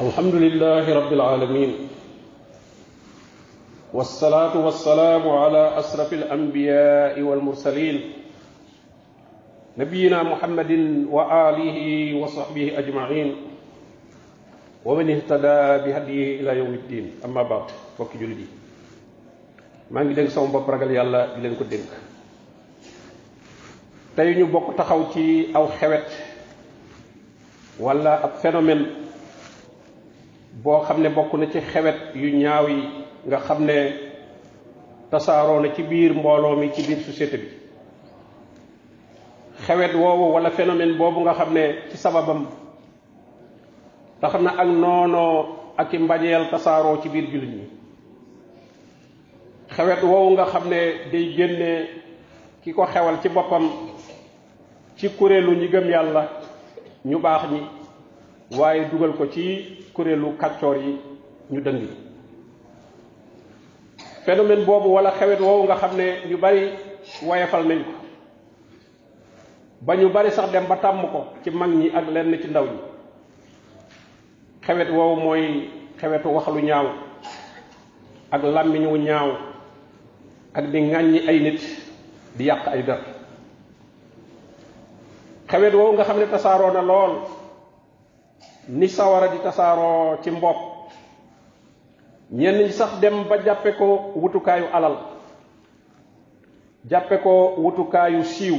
الحمد لله رب العالمين والصلاة والسلام على أسرف الأنبياء والمرسلين نبينا محمد وآله وصحبه أجمعين ومن اهتدى بهديه إلى يوم الدين أما بعد فك جلدي ما نجي دنك سوم باب راغال يالا دي لنكو دنك تاي ني بوك تاخاو او خوت ولا اب phenomenon boo xam ne bokk na ci xewet yu ñaaw yi nga xam ne tasaaroo na ci biir mbooloo mi ci biir société bi xewet woowu wala phénomène boobu nga xam ne ci sababam tax na ak noonoo ak i mbañeel tasaaroo ci biir jullit mi xewet woowu nga xam ne day génne ki ko xewal ci boppam ci kuréelu ñi gëm yàlla ñu baax ñi waaye dugal ko ci kurelu kàccoor yi ñu dëng phénomène boobu wala xewet woowu nga xam ne ñu bari wayefal nañ ko ba ñu bari sax dem ba tàmm ko ci mag ñi ak lenn ci ndaw ñi xewet woowu mooy xewetu wax lu ñaaw ak làmmiñ ñaaw ak di ŋàññi ay nit di yàq ay dar xewet woowu nga xam ne tasaaroo na lool ni sawara di tasaro ci mbopp ñen ñi sax dem ba jappé ko wutukaayu alal jappé ko wutukaayu siiw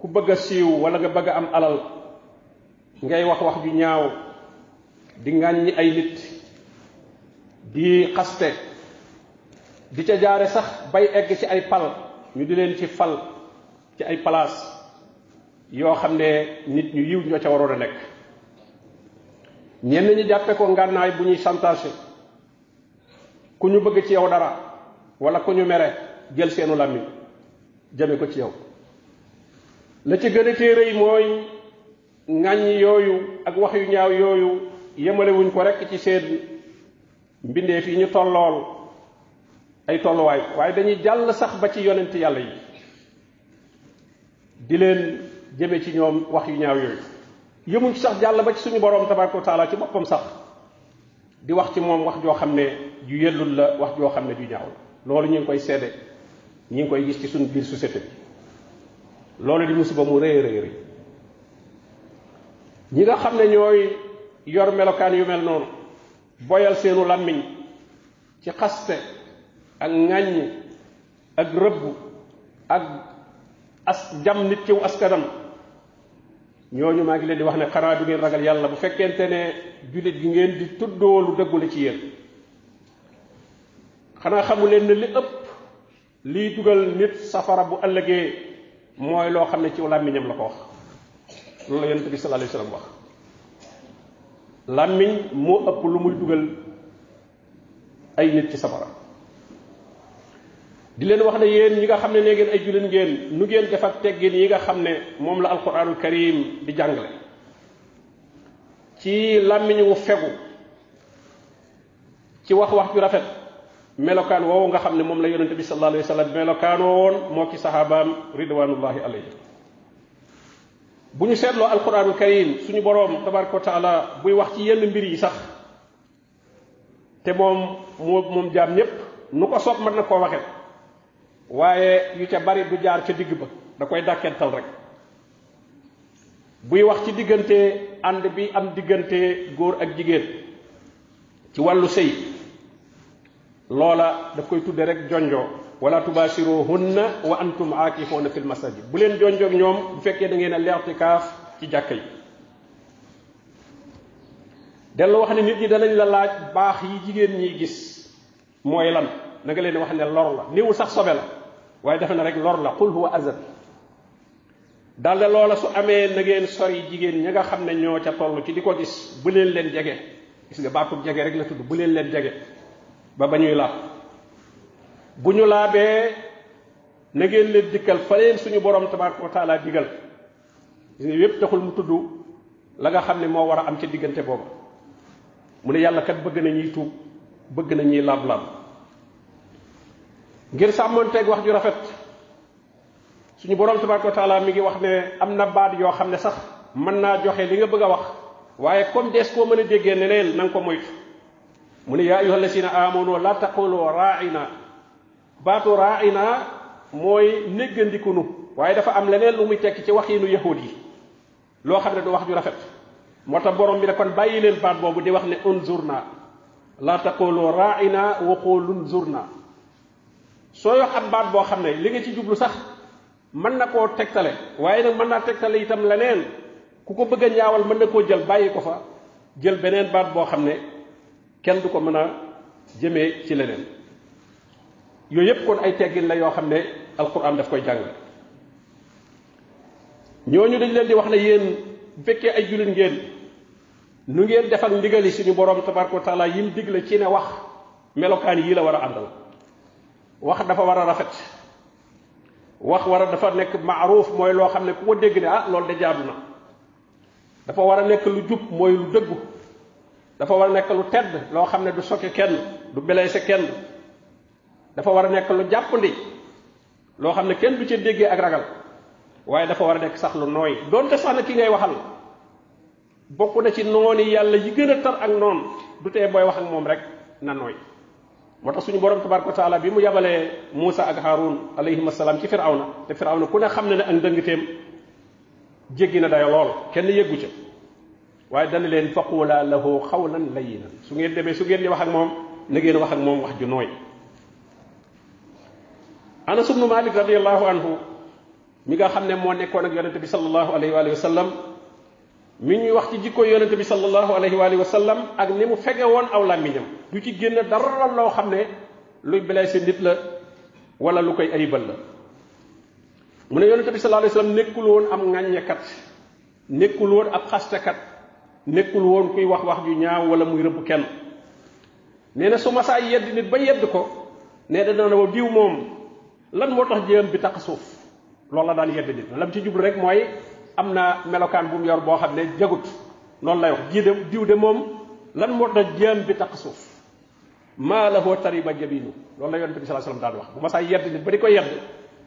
ku bëgg a wala nga bëgg am alal ngay wax wax ju ñaaw di kaste, ay nit di xaste di ca jaare sax bay egg ci ay pal ñu di leen ci fal ci ay place yoo xam nit ñu yiw ñoo ca waroon a ñenn ñi jàppe ko ngànnaay bu ñuy santaase ku ñu bëgg ci yow dara walla ku ñu mere jël seenu làmmiñ jëme ko ci yow la ci gën a téere yi mooy ŋàññi yooyu ak wax yu ñaaw yooyu yemalewuñ ko rekk ci seen mbindeef yi ñu tollool ay tolluwaay waaye dañuy jàll sax ba ci yonent yàlla yi di leen jëme ci ñoom wax yu ñaaw yooyu yëmuñ sax jàll ba ci suñu boroom tabaraka wa ci moppam sax di wax ci moom wax joo xam ne ju yellul la wax joo xam ne ju ñaaw loolu ñu ngi koy seede ñu ngi koy gis ci suñu biir société bi loolu di musiba mu rëy rëy rëy ñi nga xam ne ñooy yor melokaan yu mel noonu boyal seenu làmmiñ ci xaste ak ŋàññ ak rëbb ak as jam nit ciw askanam ñooñu maa ngi leen di wax ne xanaa du ngeen ragal yàlla bu fekkente ne jullit gi ngeen di tuddoo lu dëggu ci yéen xanaa xamu leen ne li ëpp liy dugal nit safara bu ëllëgee mooy loo xam ne ci làmmiñam la ko wax loolu la yonent bi sallallahu alayhi wax làmmiñ moo ëpp lu muy dugal ay nit ci safara di leen wax ne yéen ñi nga xam ne ne ngeen ay jullit ngeen nu ngeen def ak teggin yi nga xam ne moom la alquranul karim di jàngale ci làmmiñ wu fegu ci wax wax ju rafet melokaan woowu nga xam ne moom la yonente bi sallallahu alayhi wa moo ki saxaabaam ridwanullahi alayhi bu ñu seetloo alquranul karim suñu boroom tabaraka wa buy wax ci yenn mbir yi sax te moom moo moom jaam ñépp nu ko soob mën na koo waxet waaye yu ca bari du jaar ca digg ba da koy dàkkental rek buy wax ci diggante ànd bi am diggante góor ak jigéen ci wàllu sëy loola daf koy tudde rek jonjoo wala tubaasiruhunna wa antum aakifuuna fil masajid bu leen jonjoog ñoom bu fekkee da ngeen a leertikaaf ci jàkka yi dellu wax ne nit ñi danañ la laaj baax yi jigéen ñiy gis mooy lan na nga leen wax ne lor la néewul sax sobe la waaye defe na rek lor la qul huwa azan dal de loola su amee na ngeen sori jigéen ña nga xam ne ñoo ca toll ci di ko gis bu leen leen jege gis nga baatub jege rek la tudd bu leen leen jege ba ba ñuy laab bu ñu laabee na ngeen leen dikkal fa leen suñu borom tabaraka wa taala digal gis nga yépp taxul mu tudd la nga xam ne moo war a am ca diggante boobu mu ne yàlla kat bëgg na ñuy tuub bëgg na ñuy laab laab ngir teg wax ju rafet suñu borom tabaraka wa taala mi ngi wax ne am na baat yoo xam ne sax mën naa joxe li nga bëgg a wax waaye comme dees koo mën a déggee neneen na ko moytu mu ne yaa ayyuha allazina amanu la taqulu raaina baatu raaina mooy néggandikunu waaye dafa am leneen lu muy tekki ci waxiinu yahud yi loo xam ne du wax ju rafet moo tax borom bi ne kon bàyyi leen baat boobu di wax ne unzurna la taqulu raaina wa qulu unzurna soo wax ab baat boo xam ne li nga ci jublu sax mën na koo tegtale waaye nag mën naa tegtale itam leneen ku ko bëgg a ñaawal mën na koo jël bàyyi ko fa jël beneen baat boo xam ne kenn du ko mën a jëmee ci leneen yooyu yëpp kon ay teggin la yoo xam ne alquran daf koy jàng ñooñu dañ leen di wax na yéen bu fekkee ay jullit ngeen nu ngeen def ak ndigali suñu borom tabaraka wa taala yim digle ci ne wax melokaan yii la war a àndal wax dafa war a rafet wax war a dafa nekk maaruuf mooy loo xam ne ku ko dégg ne ah loolu de jaadu na dafa war a nekk lu jub mooy lu dëggu dafa war a nekk lu tedd loo xam ne du soke kenn du blessé kenn dafa war a nekk lu jàppandi loo xam ne kenn du ca déggee ak ragal waaye dafa war a nekk sax lu nooy doonte sax na ki ngay waxal bokk na ci nooni yàlla yi gën a tar ak noon du tee booy wax ak moom rek na nooy motax suñu borom tabaraka taala bi mu yabale Moussa ak Haroun alayhi assalam ci firawna te firawna ku ne xam na ak ndëngteem jéggi na dayo lool kenn yëggu ci waaye dana leen faqula lahu xawlan layyinan su ngeen demee su ngeen di wax ak moom na ngeen wax ak moom wax ju nooy anas ibnu malik radiyallahu anhu mi nga xam ne moo nekkoon ak yonente bi sallallahu alayhi wa sallam mi ñuy wax ci jikko yonente bi sallallahu alayhi wa sallam ak ni mu fege woon aw làmmiñam du ci génn dara loo xam ne luy blessé nit la wala lu koy ayibal la mu ne yonente bi sallallahu alayhi wasallam nekkul woon am ŋàññekat nekkul woon ab xastekat nekkul woon kuy wax wax ju ñaaw wala muy rëbb kenn nee na su masaa yedd nit ba yedd ko ne da dana wa diw moom lan moo tax jéem bi taq suuf loolu la daan yedd nit lam ci jublu rek mooy am na melokaan bu mu yor boo xam ne jagut loolu lay wax diw de diw de moom lan moo tax jéem bi taq suuf maa lahu tariba jabinu loolu la yonent bi sallallahu alayhi wasallam daan wax bu ma saa yedd nit ba di ko yedd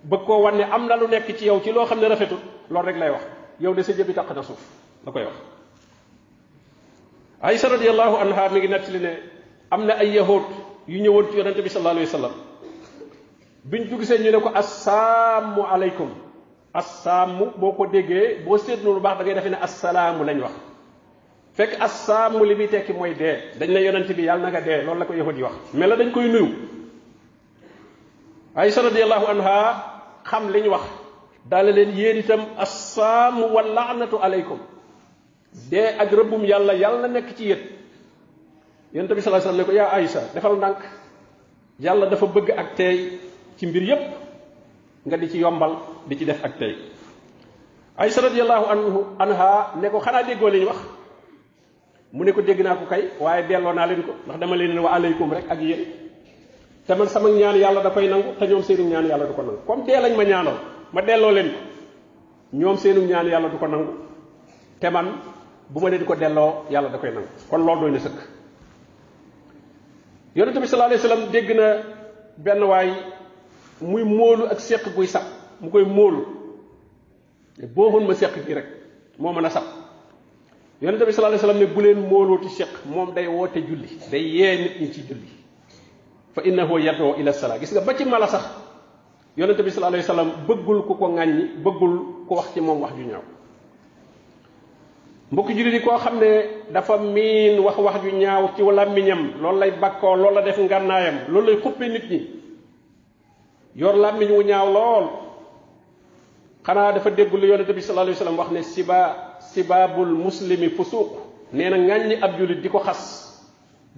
bëgg koo wan ne am na lu nekk ci yow ci loo xam ne rafetul loolu rek lay wax yow de sa jëbi taq na suuf la koy wax Aysa radiyallahu anha mi ngi li ne am na ay yahood yu ñëwoon ci yonent bi sallallahu alayhi wasallam biñ dugisee ñu ne ko assalaamu aleykum assaamu boo ko déggee boo seetlu lu baax da ngay defee ne assalaamu lañ wax fek asam li tekki moy de dañ ne yonent bi yalla na de dee loolu la ko yahud wax mel la dañ koy nuyu radiyallahu anha xam liñ wax daal leen yéen itam assaamu wal la'natu alaykum de ak rabbum yalla yalla nek ci yet yonent bi sallallahu alayhi wasallam ko ya aisha defal yalla dafa bëgg ak tay ci mbir yep nga di ci yombal di ci def ak tey radiyallahu anhu anha ne ko xana déggoo wax mu ne ko dégg naa ko kay waaye delloo naa leen ko ndax dama leen wa aleykum rek ak yéen te man sama ñaan yàlla da koy nangu te ñoom seenu ñaan yàlla du ko nangu comme dee lañ ma ñaanal ma delloo leen ñoom seenu ñaan yàlla du ko nangu te man bu ma leen ko delloo yàlla da koy nangu kon loolu doy na sëkk yonente bi sallallahu alayhi dégg na benn waay muy móolu ak séq guy sab mu koy móolu booxun ma séq gi rek moo mën a sab yonente bi sallallahu alayhi wasallam ne bu molo ti cheq mom day wote julli day ye nit ñi ci julli fa innahu yadu ila sala gis nga ba ci mala sax yonente bi sallallahu alayhi wasallam beggul ku ko ŋàññi bëggul ku wax ci mom wax ju ñaaw mbokk julli di ko xamne ne dafa min wax wax ju ñaaw ci miñam loolu lay bakkoo loolu la def ngannaayam lay xuppe nit ñi yor la miñu ñaaw lool xana dafa deggul yonente bi sallallahu alayhi wasallam wax ne siba ci istibaabul muslimi fusuuq nee na ŋàññi ab jullit di ko xas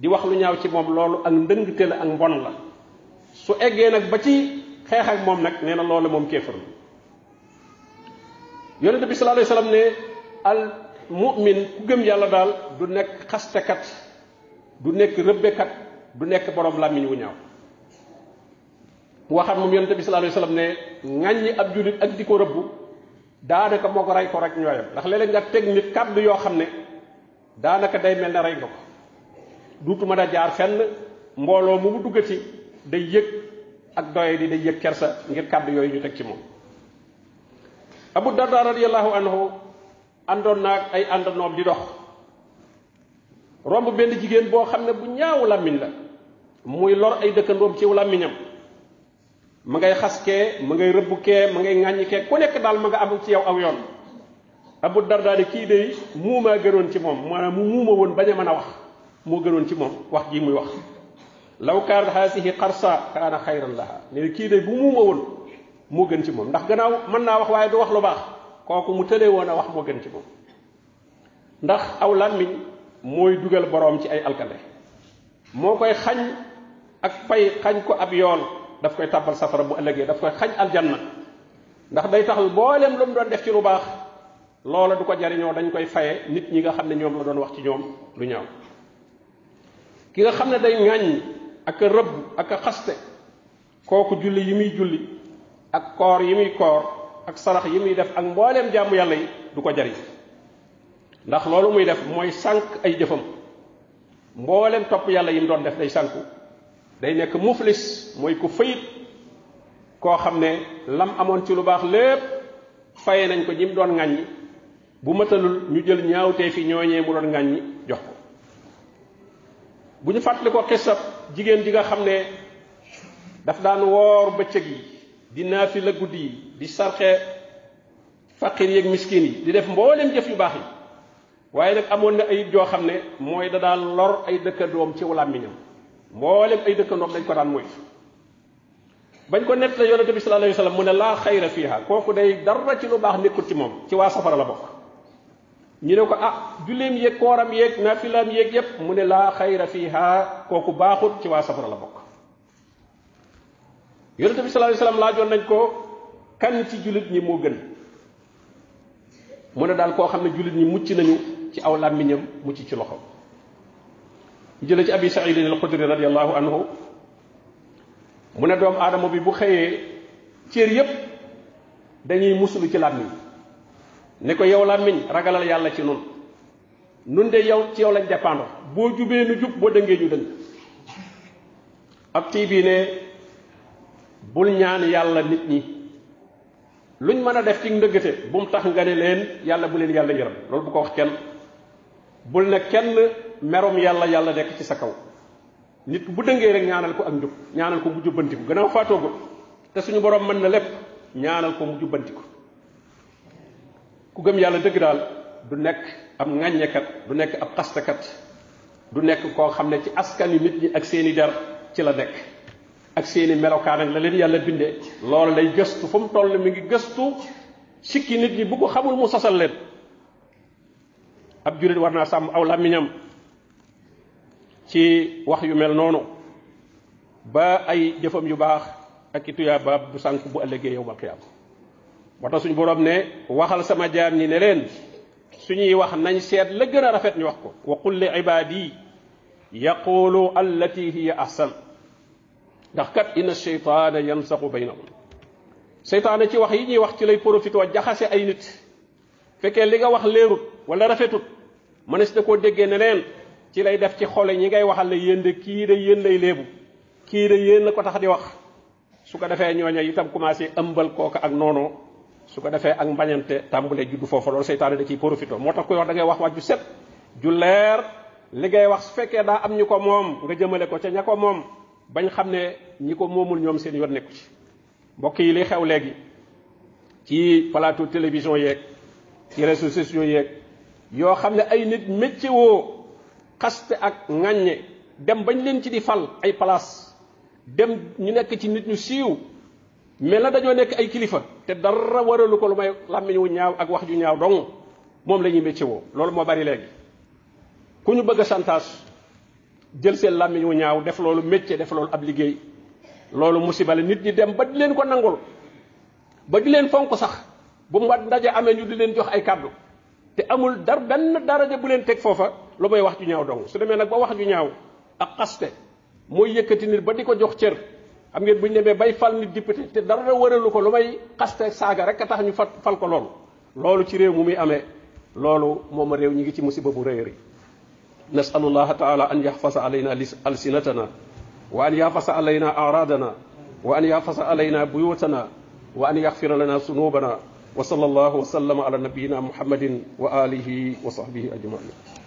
di wax lu ñaaw ci moom loolu ak ndëngte la ak mbon la su eggee nag ba ci xeex moom nag nee na loolu moom kéefër la yonente bi sallallahu alayhi wasallam ne al ku gëm yàlla daal du nekk xastekat du nekk rëbbekat du nekk boroom làmmiñ wu ñaaw waxaat moom yonente bi sallallahu alayhi wasallam ne ŋàññi ab jullit ak di ko rëbb daanaka moo ko rey ko rek ñooyam ndax léeg-léeg nga teg nit kàddu yoo xam ne daanaka day mel ne rey nga ko duutu mën a jaar fenn mbooloo mu mu duggati day yëg ak doye di day yëg kersa ngir kàddu yooyu ñu teg ci moom abu darda radiyallahu anhu àndoon naag ay àndanoom di dox romb benn jigéen boo xam ne bu ñaaw làmmiñ la muy lor ay dëkkandoom ci làmmiñam ma ngay xas kee ma ngay rëbb kee ma ngay ŋàññi kee ku nekk daal ma nga am ci yow aw yoon Abu Darda de kii de muumaa gënoon ci moom maanaam mu muuma woon bañ a mën a wax moo gënoon ci moom wax jii muy wax law kaanat haasihi xarsa kaana xayran laha ne kii de bu muuma woon moo gën ci moom ndax gannaaw mën naa wax waaye du wax lu baax kooku mu tëlee woon a wax moo gën ci moom ndax aw làmmiñ mooy dugal boroom ci ay alkande moo koy xañ ak pay xañ ko ab yoon daf koy tabal safara bu ëllëgee daf koy xañ aljanna ndax day tax mboolem lu mu doon def ci lu baax loola du ko jariñoo dañ koy faye nit ñi nga xam ne ñoom la doon wax ci ñoom lu ñaaw ki nga xam day ak rëbb ak xaste kooku julli yi muy julli ak koor yi muy koor ak sarax yi muy def ak mbooleem jaamu yàlla yi du ko ndax loolu muy def mooy sànq ay jëfam topp yàlla yi mu doon def day sànku day nekk muflis mooy ku fayit koo xam ne lam amon ci lu baax lépp faye nañ ko jim doon ŋàññi bu matalul ñu jël ñaawtee fi ñooñee mu doon ŋàññi jox ko bu ñu fàttali ko xisab jigéen ji nga xam ne daf daan woor bëccëg yi di naafi la di sarxe faqir yeeg miskin yi di def mboolem jëf yu baax yi waaye nag amoon na ayib joo xam ne mooy da daan lor ay doom ci làmmiñam mboolem ay dëkkandoom dañ ko daan moytu bañ ko nett la yonente bi sallallahu mu ne laa xayra fiiha kooku day dara ci lu baax nekkul ci moom ci waa safara la bokk ñu ne ko ah julleem yéeg kooram yéeg naafilaam yeeg yépp mu ne laa xayra fiiha kooku baaxut ci waa safara la bokk yonente bi sallallahu alayhi wasallam laajoon nañ ko kan ci jullit ñi moo gën mu ne daal koo xam ne jullit ñi mucc nañu ci aw làmmiñam mucc ci loxo ñu ci abi saidin al xudri radiallahu anhu mu ne doom aadama bi bu xëyee cër yépp dañuy musulu ci làmmiñ ne ko yow làmmiñ ragalal yàlla ci nun nun de yow ci yow lañ dépendre boo jubee nu jub boo dëngee ñu dëng ab tii ne bul ñaan yàlla nit ñi luñ mën a def ci ndëggate bu mu tax nga ne leen yàlla bu leen yàlla yërëm loolu bu ko wax kenn bul ne kenn merom yalla yalla nek ci sa kaw nit bu dëngee rek ñaanal ko ak njub ñaanal ko ko jubbantiku gannaaw faatoogu te suñu borom man na lepp ñaanal ko mu ko ku gëm yalla dëgg daal du am ngagne kat du nek ab kat du nek ko xam ci askan nit ñi ak seeni dar ci la nek ak seeni melokaan ak la leen yalla bindé loolu lay gëstu fu mu toll mi ngi gëstu sikki nit ñi bu ko xamul mu sasal leen ab jurit warna sam aw ci wax yu mel noonu ba ay jëfam yu baax ak i tuyaa baab du sànk bu ëllëgee yow malxiyaam moo tax suñ borom ne waxal sama jaam ñi ne leen suñuy wax nañ seet la gën a rafet ñu wax ko wa qul li ibaadi yaqulu allati hiya ahsan ndax kat inna sheytaana yansaxu baynahum seytaane ci wax yi ñuy wax ci lay profité jaxase ay nit fekkee li nga wax leerut wala rafetut mënees da koo déggee ne leen ci lay def ci xole ñi ngay waxal la yéen de kii de yéen lay léebu kii de yéen la ko tax di wax su ko defee ñooño itam commencé ëmbal kooka ak noonu su ko defee ak mbañante tàmbulee juddu foofu loolu seytaane da ciy profité moo tax koy wax da ngay wax wax ju set ju leer li ngay wax su fekkee daa am ñu ko moom nga jëmale ko ca ña ko moom bañ xam ne ñi ko moomul ñoom seen yoon nekku ci mbokk yi li xew léegi ci plateau télévision yeeg ci réseaux sociaux yeeg yoo xam ne ay nit métier kaste ak ngagne dem bañ leen ci di fal ay place dem ñu nek ci nit ñu siiw mel la dañoo nek ay kilifa te dara waralu ko lu may làmmiñ ñaaw ak wax ju ñaaw dong mom lañuy ñuy wo loolu bari legi ku ñu bëgg santage jël seen làmmiñ wu ñaaw def loolu def loolu ab liggey loolu musiba la nit ñi dem ba di leen ko nangul ba di leen fonk sax bu mu ndaje amé ñu di leen jox ay te amul dar ben daraja bu leen tek fofa lu may wax ju ñaaw dong su demee nag ba wax ju ñaaw ak xaste mooy yëkkati nit ba di ko jox cër xam ngeen bu ñu demee bay fal nit député te dara wëralu ko lu may xaste saaga rek a tax ñu fal ko loolu loolu ci réew mu muy amee loolu moom réew ñi ngi ci musiba bu rëy a rëy nasalullaha taala an yaxfasa alayna alsinatana wa an yaxfasa alayna aradana wa an yaxfasa alayna buyutana wa an yaxfira lana sunubana wa sallallahu wa sallama ala nabiyina muhammadin wa alihi wa sahbihi ajmain